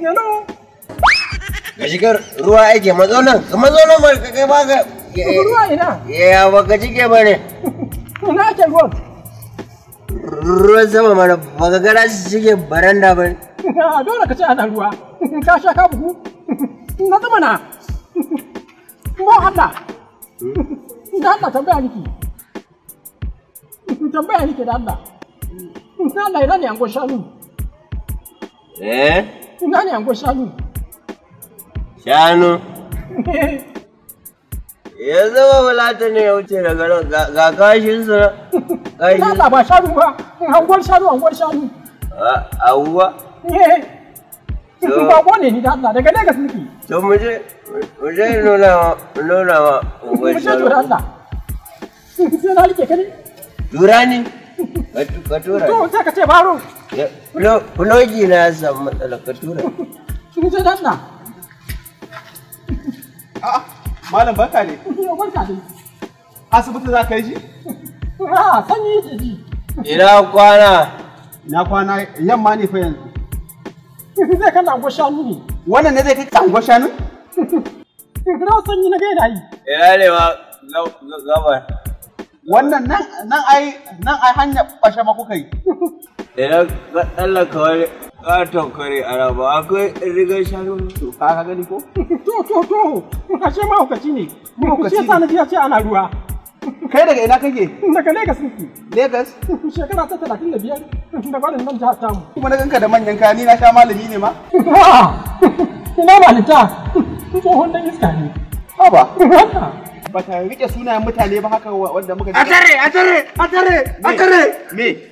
Yano. shigar ruwa yake mazaunan, ka mazaunan ba ka kai ba ka. Ruwa ina? Ya ba ka cike ba ne. Ina ruwan sama mana ba ga gara shi shige baranda ba dole ka ce ana ruwa ka sha ka bugu na zama na Mo Allah da Allah tambaya niki tambaya niki da Allah na Allah ina ne angon shanu eh ina ne angon shanu shanu eh. Yanzu ba wula ta ne ya wuce daga nan ga kashin su na kashin su ba shanu ba anguwar shanu anguwar shanu anguwa eh sun bako ne ni da Allah daga daga suke to mu je mu je nuna ma nuna ma anguwar shanu mu je Allah sai na rike kani dura ne ka tura to sai ka ce baro fulogi na san matsala ka tura mu je Allah Malam barka ne. Barka ne. Asibiti za ka yi ji? Ah, sanyi yake ji. Ina kwana. Ina kwana yamma ne fa yanzu. Zai kan angon shanu ne. Wannan ne zai kai ka shanu? Kira sanyi na gaida yi. Ina ne ma zaba. wannan nan nan ai nan ai hanya kwashe ma kuka yi idan ka tsallaka wani katon kare araba akwai rigar shanu to ka ka gani ko to to to ka ce ma hukaci ne hukaci ne sai na ce ana ruwa kai daga ina kake daga Lagos ne Lagos shekara ta 35 da barin nan jihar tamu kuma na ganka da manyan kaya ni na sha malami ne ma ina malita tsohon dan iska ne haba wannan ba ta rike sunayen mutane ba haka wanda muka a tare a tare a tare a tare me